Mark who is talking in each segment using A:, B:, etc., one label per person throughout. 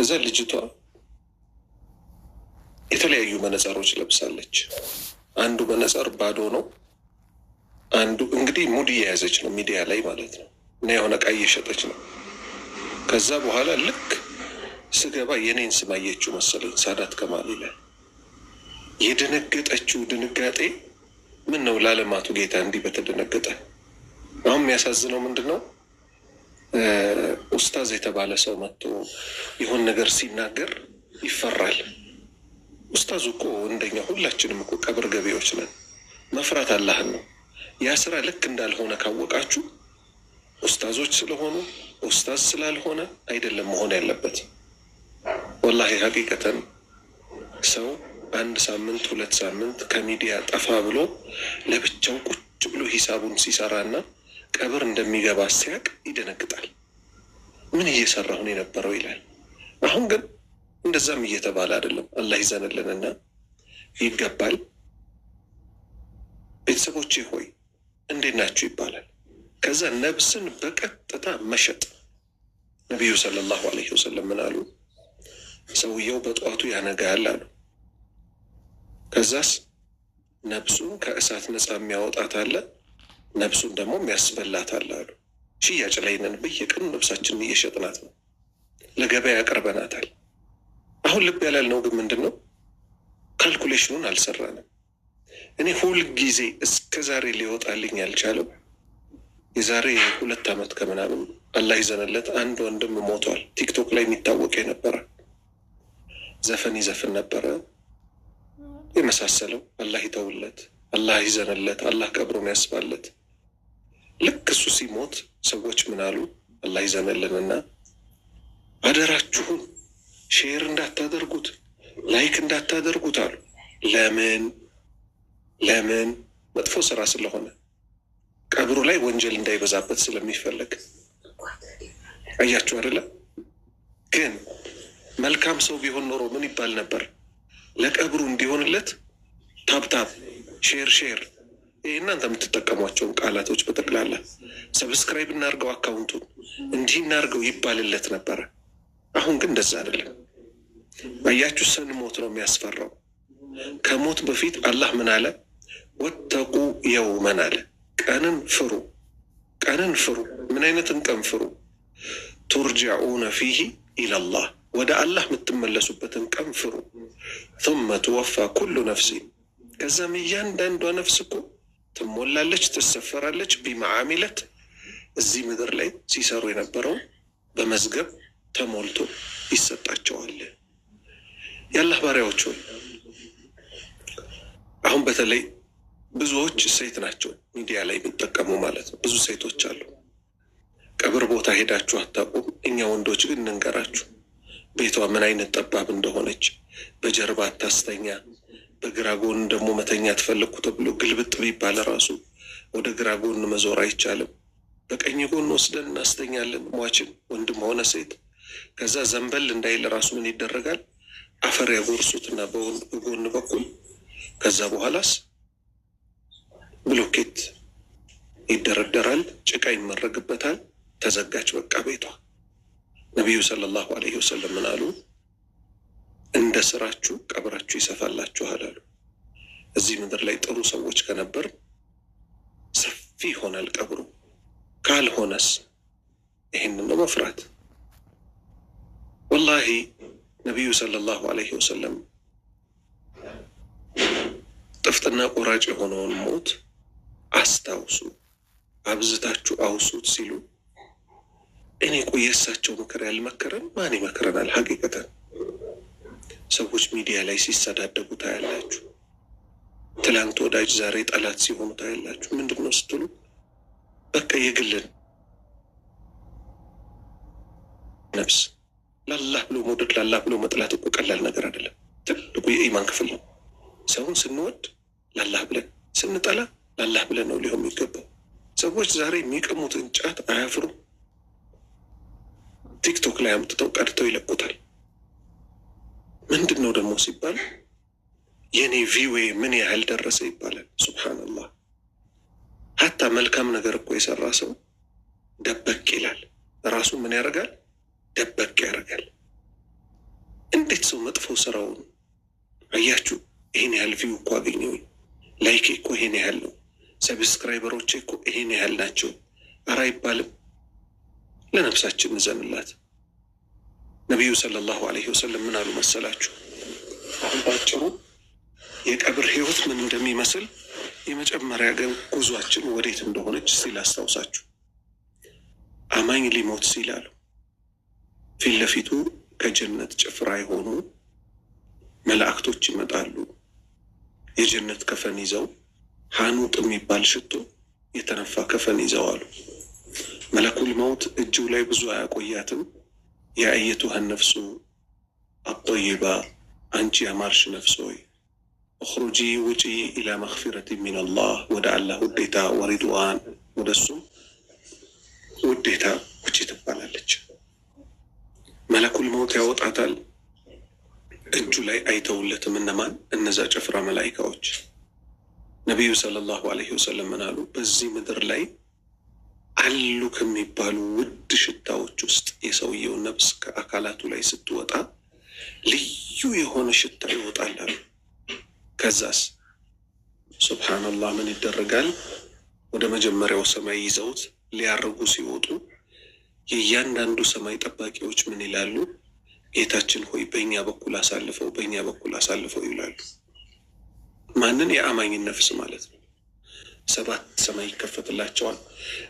A: ከዛ ልጅቷ የተለያዩ መነጽሮች ለብሳለች። አንዱ መነጽር ባዶ ነው። አንዱ እንግዲህ ሙድ እየያዘች ነው ሚዲያ ላይ ማለት ነው። እና የሆነ ዕቃ እየሸጠች ነው። ከዛ በኋላ ልክ ስገባ የኔን ስም አየችው መሰለኝ ሳዳት ከማል ይላል። የደነገጠችው ድንጋጤ ምን ነው ላለማቱ ጌታ እንዲህ በተደነገጠ አሁን የሚያሳዝነው ምንድን ነው? ኡስታዝ የተባለ ሰው መጥቶ የሆን ነገር ሲናገር ይፈራል። ኡስታዝ እኮ እንደኛ ሁላችንም እኮ ቀብር ገቢዎች ነን። መፍራት አላህን ነው። ያ ስራ ልክ እንዳልሆነ ካወቃችሁ ኡስታዞች ስለሆኑ ኡስታዝ ስላልሆነ አይደለም መሆን ያለበት። ወላሂ ሀቂቀተን ሰው አንድ ሳምንት ሁለት ሳምንት ከሚዲያ ጠፋ ብሎ ለብቻው ቁጭ ብሎ ሂሳቡን ሲሰራና ቀብር እንደሚገባ ሲያቅ ይደነግጣል። ምን እየሰራሁ ነው የነበረው ይላል። አሁን ግን እንደዛም እየተባለ አይደለም። አላህ ይዘንልንና ይገባል። ቤተሰቦቼ ሆይ እንዴት ናችሁ ይባላል። ከዛ ነብስን በቀጥታ መሸጥ። ነቢዩ ሰለላሁ አለይሂ ወሰለም ምን አሉ? ሰውየው በጠዋቱ ያነጋል አሉ። ከዛስ ነብሱን ከእሳት ነፃ የሚያወጣት አለ ነፍሱን ደግሞ የሚያስበላታል አሉ። ሽያጭ ላይ ነን። በየቀኑ ነፍሳችንን እየሸጥናት ነው፣ ለገበያ ያቀርበናታል። አሁን ልብ ያላልነው ግን ምንድን ነው? ካልኩሌሽኑን አልሰራንም። እኔ ሁል ጊዜ እስከ ዛሬ ሊወጣልኝ ያልቻለው የዛሬ ሁለት ዓመት ከምናምን አላህ ይዘንለት አንድ ወንድም ሞቷል። ቲክቶክ ላይ የሚታወቅ የነበረ ዘፈን ይዘፍን ነበረ የመሳሰለው። አላህ ይተውለት፣ አላህ ይዘንለት፣ አላህ ቀብሮን ያስባለት። ልክ እሱ ሲሞት ሰዎች ምን አሉ? አላህ ይዘንልንና አደራችሁን ሼር እንዳታደርጉት ላይክ እንዳታደርጉት አሉ። ለምን ለምን? መጥፎ ስራ ስለሆነ ቀብሩ ላይ ወንጀል እንዳይበዛበት ስለሚፈለግ። አያችሁ አይደለ? ግን መልካም ሰው ቢሆን ኖሮ ምን ይባል ነበር? ለቀብሩ እንዲሆንለት ታብታብ ሼር ሼር እናንተ የምትጠቀሟቸውን ቃላቶች በጠቅላላ ሰብስክራይብ እናርገው፣ አካውንቱን እንዲህ እናርገው ይባልለት ነበረ። አሁን ግን እንደዛ አይደለም። አያችሁ፣ ስን ሞት ነው የሚያስፈራው። ከሞት በፊት አላህ ምን አለ? ወተቁ የውመን አለ፣ ቀንን ፍሩ፣ ቀንን ፍሩ። ምን አይነትን ቀን ፍሩ? ቱርጃኡነ ፊሂ ኢለላህ፣ ወደ አላህ የምትመለሱበትን ቀን ፍሩ። ቱመ ትወፋ ኩሉ ነፍሲ፣ ከዛም እያንዳንዷ ነፍስ እኮ ትሞላለች፣ ትሰፈራለች። ቢመዓሚለት እዚህ ምድር ላይ ሲሰሩ የነበረው በመዝገብ ተሞልቶ ይሰጣቸዋል። የአላህ ባሪያዎች ሆይ አሁን በተለይ ብዙዎች ሴት ናቸው ሚዲያ ላይ የሚጠቀሙ ማለት ነው። ብዙ ሴቶች አሉ። ቀብር ቦታ ሄዳችሁ አታውቁም። እኛ ወንዶች ግን እንንገራችሁ፣ ቤቷ ምን አይነት ጠባብ እንደሆነች በጀርባ አታስተኛ በግራ ጎን ደግሞ መተኛ ትፈለግኩ ተብሎ ግልብጥ ቢባል ራሱ ወደ ግራ ጎን መዞር አይቻልም። በቀኝ ጎን ወስደን እናስተኛለን፣ ሟችን ወንድም ሆነ ሴት። ከዛ ዘንበል እንዳይል ራሱ ምን ይደረጋል? አፈር ያጎርሱትና በጎን በኩል ከዛ በኋላስ ብሎኬት ይደረደራል፣ ጭቃ ይመረግበታል። ተዘጋች በቃ ቤቷ። ነቢዩ ሰለላሁ አለይሂ ወሰለም ምን አሉ? እንደ ስራችሁ ቀብራችሁ ይሰፋላችኋል አሉ። እዚህ ምድር ላይ ጥሩ ሰዎች ከነበር ሰፊ ይሆናል ቀብሩ፣ ካልሆነስ ይህን ነው መፍራት። ወላሂ ነቢዩ ሰለላሁ ዐለይሂ ወሰለም ጥፍጥና ቆራጭ የሆነውን ሞት አስታውሱ፣ አብዝታችሁ አውሱት ሲሉ እኔ ቆየሳቸው ምክር ያልመከረን ማን ይመክረናል ሀቂቀተን ሰዎች ሚዲያ ላይ ሲሰዳደቡ ታያላችሁ። ትላንት ወዳጅ ዛሬ ጠላት ሲሆኑ ታያላችሁ። ምንድን ነው ስትሉ በቃ የግልን ነፍስ ላላህ ብሎ መውደድ ላላህ ብሎ መጥላት እኮ ቀላል ነገር አይደለም። ትልቁ የኢማን ክፍል ነው። ሰውን ስንወድ ላላህ ብለን ስንጠላ ላላህ ብለን ነው ሊሆን የሚገባው። ሰዎች ዛሬ የሚቀሙትን ጫት አያፍሩም። ቲክቶክ ላይ አምጥተው ቀድተው ይለቁታል። ምንድን ነው ደግሞ ሲባል የኔ ቪዌ ምን ያህል ደረሰ ይባላል። ሱብሓነላህ ሀታ መልካም ነገር እኮ የሰራ ሰው ደበቅ ይላል። ራሱ ምን ያደርጋል? ደበቅ ያደርጋል። እንዴት ሰው መጥፎ ስራውን አያችሁ፣ ይህን ያህል ቪው እኮ አገኘሁኝ፣ ላይክ እኮ ይሄን ያህል ነው፣ ሰብስክራይበሮች እኮ ይሄን ያህል ናቸው። አራ ይባልም? ለነፍሳችን እንዘንላት። ነቢዩ ሰለላሁ አለይሂ ወሰለም ምን አሉ መሰላችሁ? አሁን ባጭሩ የቀብር ህይወት ምን እንደሚመስል የመጨመሪያ ግን ጉዟችን ወዴት እንደሆነች ሲል አስታውሳችሁ አማኝ ሊሞት ሲል አሉ ፊት ለፊቱ ከጀነት ጭፍራ የሆኑ መላእክቶች ይመጣሉ። የጀነት ከፈን ይዘው ሀኑጥ የሚባል ሽቶ የተነፋ ከፈን ይዘው አሉ መለኩል መውት እጅው ላይ ብዙ አያቆያትም የአየቱሃን ነፍሱ አጦይባ አንቺ ያማርሽ ነፍስ ሆይ እኽሩጂ ውጪ ኢላ መኽፊረት ሚን አላህ ወደ አላህ ውዴታ ወሪድዋን ወደ እሱም ውዴታ ውጪ ትባላለች። መለኩል መውት ያወጣታል። እጁ ላይ አይተውለትም። እነማን እነዛ ጨፍራ መላይካዎች። ነቢዩ ሰለላሁ አለይሂ ወሰለም ምን አሉ? በዚህ ምድር ላይ አሉ ከሚባሉ ውድ ሽታዎች ውስጥ የሰውየው ነፍስ ከአካላቱ ላይ ስትወጣ ልዩ የሆነ ሽታ ይወጣል አሉ። ከዛስ ሱብሓነላህ ምን ይደረጋል? ወደ መጀመሪያው ሰማይ ይዘውት ሊያርጉ ሲወጡ የእያንዳንዱ ሰማይ ጠባቂዎች ምን ይላሉ? ጌታችን ሆይ በእኛ በኩል አሳልፈው፣ በእኛ በኩል አሳልፈው ይላሉ። ማንን? የአማኝን ነፍስ ማለት ነው። ሰባት ሰማይ ይከፈትላቸዋል።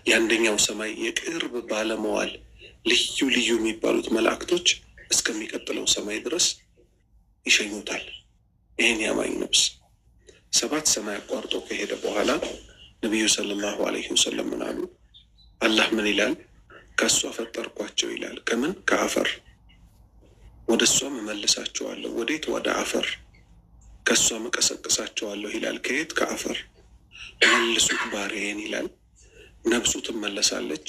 A: የአንደኛው ሰማይ የቅርብ ባለመዋል ልዩ ልዩ የሚባሉት መላእክቶች እስከሚቀጥለው ሰማይ ድረስ ይሸኙታል። ይህን ያማኝ ነብስ ሰባት ሰማይ አቋርጦ ከሄደ በኋላ ነቢዩ ሰለላሁ አለይሂ ወሰለም ምን አሉ? አላህ ምን ይላል? ከእሷ ፈጠርኳቸው ይላል። ከምን ከአፈር ወደ እሷም እመልሳቸዋለሁ። ወዴት? ወደ አፈር። ከእሷም እቀሰቅሳቸዋለሁ ይላል። ከየት? ከአፈር መልሱት ባሪያዬን ይላል። ነብሱ ትመለሳለች።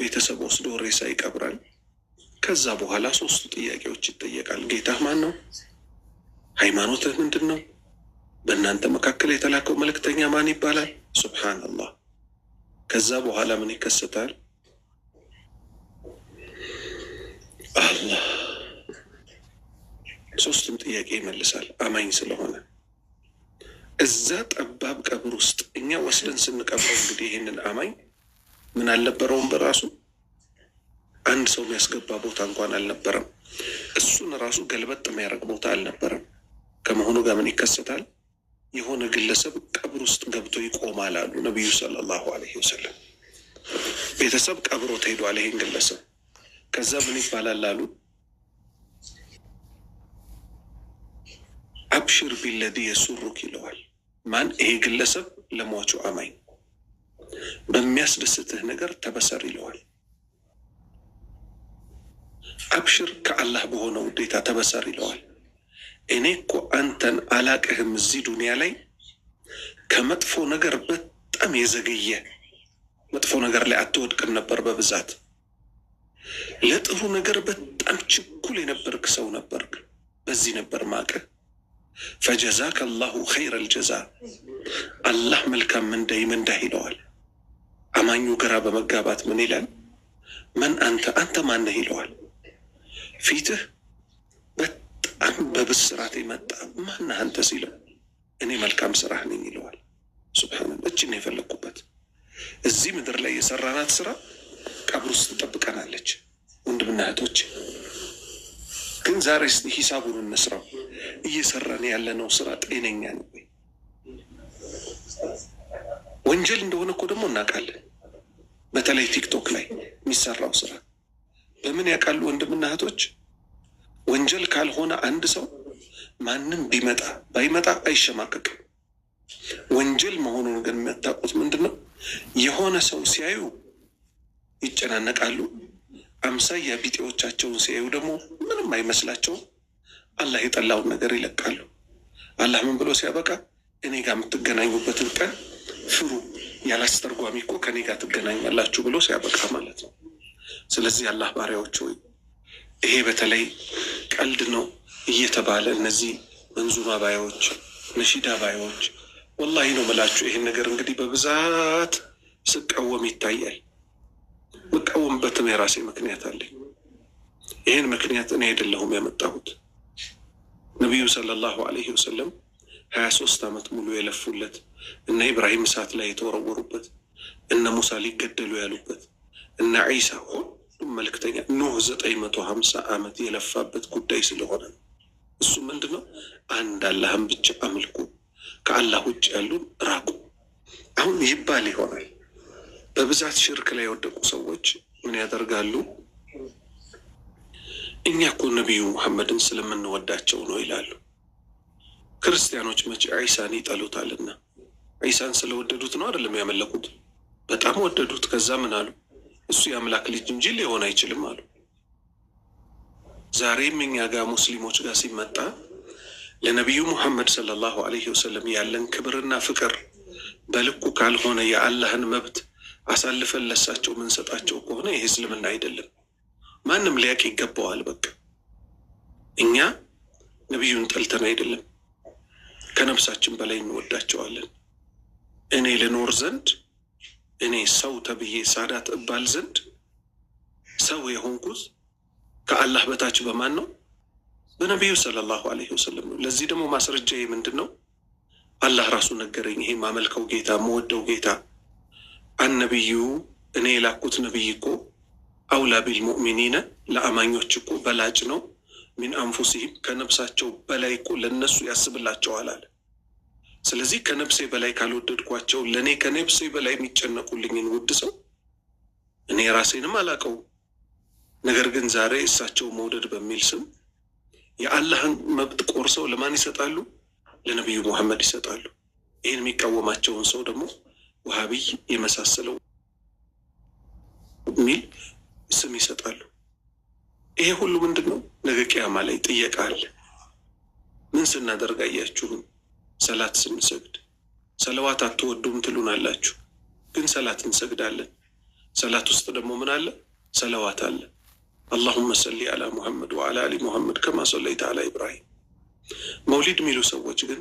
A: ቤተሰብ ወስዶ ሬሳ ይቀብራል። ከዛ በኋላ ሶስቱ ጥያቄዎች ይጠየቃል። ጌታህ ማን ነው? ሃይማኖትህ ምንድን ነው? በእናንተ መካከል የተላከው መልእክተኛ ማን ይባላል? ሱብሓነላህ። ከዛ በኋላ ምን ይከሰታል? አላህ ሶስቱም ጥያቄ ይመልሳል አማኝ ስለሆነ እዛ ጠባብ ቀብር ውስጥ እኛ ወስደን ስንቀብረው እንግዲህ ይህንን አማኝ ምን አልነበረውም፣ በራሱ አንድ ሰው የሚያስገባ ቦታ እንኳን አልነበረም። እሱን ራሱ ገልበጥ የሚያደርግ ቦታ አልነበረም። ከመሆኑ ጋር ምን ይከሰታል? የሆነ ግለሰብ ቀብር ውስጥ ገብቶ ይቆማል አሉ ነቢዩ ሰለላሁ አለይሂ ወሰለም። ቤተሰብ ቀብሮ ተሄዷል ይሄን ግለሰብ። ከዛ ምን ይባላል አሉ አብሽር ቢለዲ የሱሩክ ይለዋል ማን ይሄ ግለሰብ ለሟቹ አማኝ በሚያስደስትህ ነገር ተበሰር ይለዋል። አብሽር ከአላህ በሆነው ውዴታ ተበሰር ይለዋል። እኔ እኮ አንተን አላቅህም እዚህ ዱንያ ላይ ከመጥፎ ነገር በጣም የዘገየ መጥፎ ነገር ላይ አትወድቅም ነበር በብዛት ለጥሩ ነገር በጣም ችኩል የነበርክ ሰው ነበርክ። በዚህ ነበር ማቅህ ፈጀዛከ አላሁ ኸይረል ጀዛ አላህ መልካም ምንዳይ ምንዳህ ይለዋል። አማኙ ግራ በመጋባት ምን ይላል? መን አንተ አንተ ማነህ ይለዋል። ፊትህ በጣም በብስራት የመጣ ማነህ አንተ ሲለው እኔ መልካም ስራህ ነኝ ይለዋል። ስብሓን እችን የፈለግኩበት እዚህ ምድር ላይ የሰራናት ስራ ቀብር ውስጥ ትጠብቀናለች። ወንድምና እህቶች ግን ዛሬ ስ ሂሳቡን እንስራው። እየሰራን ያለነው ስራ ጤነኛ ነው ወይ? ወንጀል እንደሆነ እኮ ደግሞ እናውቃለን። በተለይ ቲክቶክ ላይ የሚሰራው ስራ በምን ያውቃሉ ወንድምና እህቶች? ወንጀል ካልሆነ አንድ ሰው ማንም ቢመጣ ባይመጣ አይሸማቀቅም። ወንጀል መሆኑን ግን የሚያታውቁት ምንድን ነው? የሆነ ሰው ሲያዩ ይጨናነቃሉ። አምሳያ ቢጤዎቻቸውን ሲያዩ ደግሞ ምንም አይመስላቸውም። አላህ የጠላውን ነገር ይለቃሉ። አላህ ምን ብሎ ሲያበቃ እኔ ጋር የምትገናኙበትን ቀን ፍሩ፣ ያላስተርጓሚ እኮ ከእኔ ጋር ትገናኛላችሁ ብሎ ሲያበቃ ማለት ነው። ስለዚህ አላህ ባሪያዎች ወይ ይሄ በተለይ ቀልድ ነው እየተባለ እነዚህ መንዙማ ባዮች፣ ነሺዳ ባዮች ወላሂ ነው ምላችሁ። ይህን ነገር እንግዲህ በብዛት ስቃወም ይታያል። የምልበትም የራሴ ምክንያት አለኝ። ይህን ምክንያት እኔ አይደለሁም ያመጣሁት። ነቢዩ ሰለላሁ አለይሂ ወሰለም ሀያ ሶስት ዓመት ሙሉ የለፉለት እነ ኢብራሂም እሳት ላይ የተወረወሩበት እነ ሙሳ ሊገደሉ ያሉበት እነ ዒሳ ሁሉም መልክተኛ ኖህ ዘጠኝ መቶ ሀምሳ ዓመት የለፋበት ጉዳይ ስለሆነ ነው። እሱ ምንድን ነው? አንድ አላህን ብቻ አምልኩ፣ ከአላህ ውጭ ያሉን ራቁ። አሁን ይባል ይሆናል በብዛት ሽርክ ላይ የወደቁ ሰዎች ምን ያደርጋሉ? እኛ እኮ ነቢዩ ሙሐመድን ስለምንወዳቸው ነው ይላሉ። ክርስቲያኖች መቼ ዒሳን ይጠሉታልና ዒሳን ስለወደዱት ነው አይደለም ያመለኩት። በጣም ወደዱት። ከዛ ምን አሉ? እሱ የአምላክ ልጅ እንጂ ሊሆን አይችልም አሉ። ዛሬም እኛ ጋር ሙስሊሞች ጋር ሲመጣ ለነቢዩ ሙሐመድ ሰለላሁ ዐለይሂ ወሰለም ያለን ክብርና ፍቅር በልኩ ካልሆነ የአላህን መብት አሳልፈን ለሳቸው ምንሰጣቸው ከሆነ ይሄ እስልምና አይደለም። ማንም ሊያቅ ይገባዋል። በቃ እኛ ነቢዩን ጠልተን አይደለም፣ ከነፍሳችን በላይ እንወዳቸዋለን። እኔ ልኖር ዘንድ እኔ ሰው ተብዬ ሳዳት እባል ዘንድ ሰው የሆንኩት ከአላህ በታች በማን ነው? በነቢዩ ሰለላሁ አለይሂ ወሰለም ነው። ለዚህ ደግሞ ማስረጃዬ ምንድን ነው? አላህ ራሱ ነገረኝ። ይሄ ማመልከው ጌታ መወደው ጌታ አነቢዩ እኔ የላኩት ነቢይ እኮ አውላ ቢልሙእሚኒነ ለአማኞች እኮ በላጭ ነው። ሚን አንፉሲህም ከነብሳቸው በላይ እኮ ለነሱ ያስብላቸዋል አለ። ስለዚህ ከነብሴ በላይ ካልወደድኳቸው ለእኔ ከነብሴ በላይ የሚጨነቁልኝን ውድ ሰው እኔ ራሴንም አላቀው? ነገር ግን ዛሬ እሳቸው መውደድ በሚል ስም የአላህን መብት ቆርሰው ለማን ይሰጣሉ? ለነቢዩ ሙሐመድ ይሰጣሉ። ይህን የሚቃወማቸውን ሰው ደግሞ ውሃብይ የመሳሰለው የሚል ስም ይሰጣሉ። ይሄ ሁሉ ምንድን ነው? ነገ ቅያማ ላይ ጥየቃ አለ። ምን ስናደርግ አያችሁን? ሰላት ስንሰግድ ሰለዋት አትወዱም ትሉን አላችሁ፣ ግን ሰላት እንሰግዳለን። ሰላት ውስጥ ደግሞ ምን አለ? ሰለዋት አለ። አላሁመ ሰሊ አላ ሙሐመድ ወአላ አሊ ሙሐመድ ከማ ሰለይተ አላ ኢብራሂም። መውሊድ የሚሉ ሰዎች ግን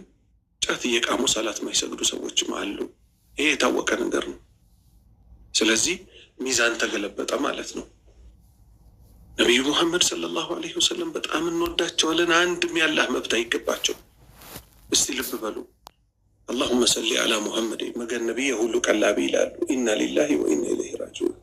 A: ጫት እየቃሙ ሰላት ማይሰግዱ ሰዎችም አሉ። ይሄ የታወቀ ነገር ነው። ስለዚህ ሚዛን ተገለበጠ ማለት ነው። ነቢዩ ሙሐመድ ሰለላሁ አለይሂ ወሰለም በጣም እንወዳቸዋለን። አንድም ያላህ መብት አይገባቸው። እስቲ ልብ በሉ። አላሁመ ሰሊ አላ ሙሐመድ መገን ነቢየ ሁሉ ቀላቢ ይላሉ። ኢና ሊላሂ ወኢና ኢለይሂ ራጂዑን